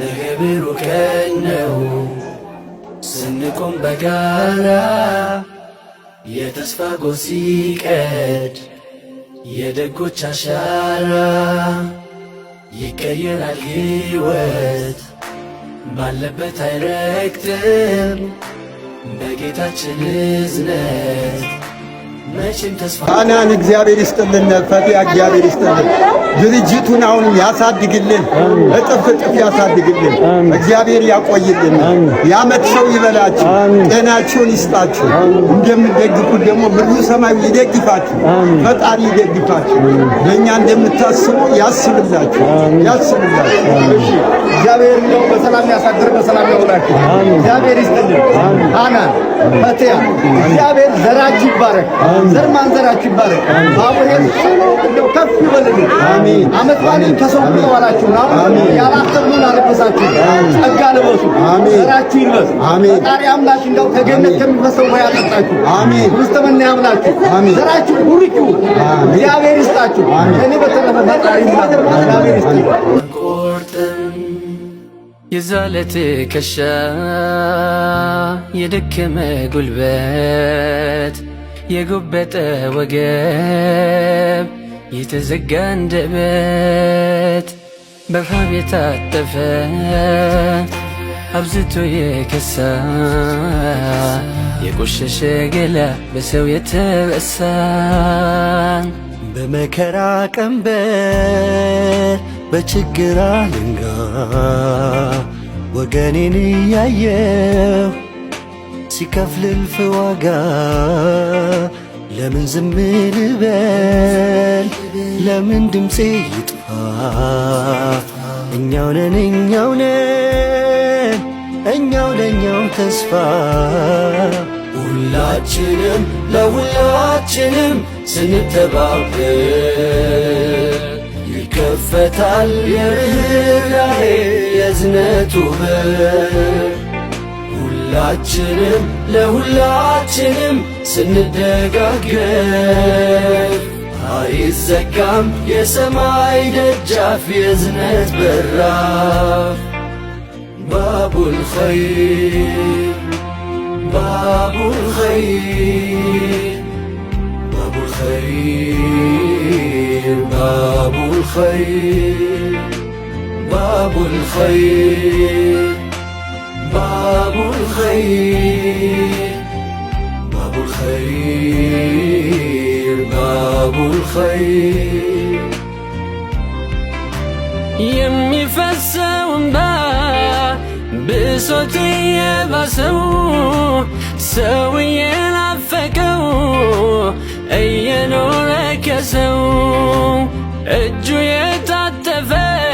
በገብሩ ቀን ነው ስንቆም በጋራ የተስፋ ጎህ ሲቀድ የደጎች አሻራ ይቀየራል ሕይወት ባለበት አይረግጥም በጌታችን እዝነት መቼም ተስፋ ጣናን እግዚአብሔር ይስጥልን፣ ፈቲያ እግዚአብሔር ይስጥልን። ድርጅቱን አሁንም ያሳድግልን፣ እጥፍ እጥፍ ያሳድግልን። እግዚአብሔር ያቆይልን። የዓመት ሰው ይበላችሁ፣ ጤናችሁን ይስጣችሁ። እንደምደግፉት ደግሞ ብዙ ሰማዩ ይደግፋችሁ፣ ፈጣሪ ይደግፋችሁ። ለእኛ እንደምታስቡ ያስብላችሁ፣ ያስብላችሁ። እግዚአብሔር ነው በሰላም ያሳድር፣ በሰላም ያውላችሁ። እግዚአብሔር ይስጥልን። አና ፈትያ እግዚአብሔር ዘራችሁ ይባረክ፣ ዘር ማንዘራችሁ ይባረክ። አሁን ከፍ ይበልልን። አመት በዓልን ከሰው ይዋላችሁ። አሁን ያላሰብነውን አልበሳችሁ፣ ጸጋ ልበሱ፣ ዘራችሁ ይልበስ። ፈጣሪ አምላክ እንደው ከገነት ከሚፈሰው ያምላችሁ፣ እግዚአብሔር ይስጣችሁ። እኔ በተረፈ ፈጣሪ እግዚአብሔር የዛለ ትከሻ የደከመ ጉልበት የጎበጠ ወገብ የተዘጋ አንደበት በረሃብ የታጠፈ አብዝቶ የከሳ የቆሸሸ ገላ በሰው የተበሳን በመከራ ቀንበር በችግር አለንጋ ወገኔን እያየው ሲከፍልልፍ ዋጋ ለምን ዝም ልበል? ለምን ድምፄ ይጥፋ? እኛው ነን እኛው ነን እኛው ለእኛው ተስፋ ሁላችንም ለሁላችንም ስንተባበር ይከፈታል የርኅራኄ የዝነቱ በር ሁላችንም ለሁላችንም ስንደጋገፍ አይዘጋም የሰማይ ደጃፍ የዝነት በራፍ ባቡል ኸይር ባቡል ኸይር ባቡል ኸይር ባቡል ኸይር ባቡል ኸይር باب الخير باب الخير باب الخير يمي فالسوم بصوتي بسو سوي العفكو أي نورك سو اجو يتعتفي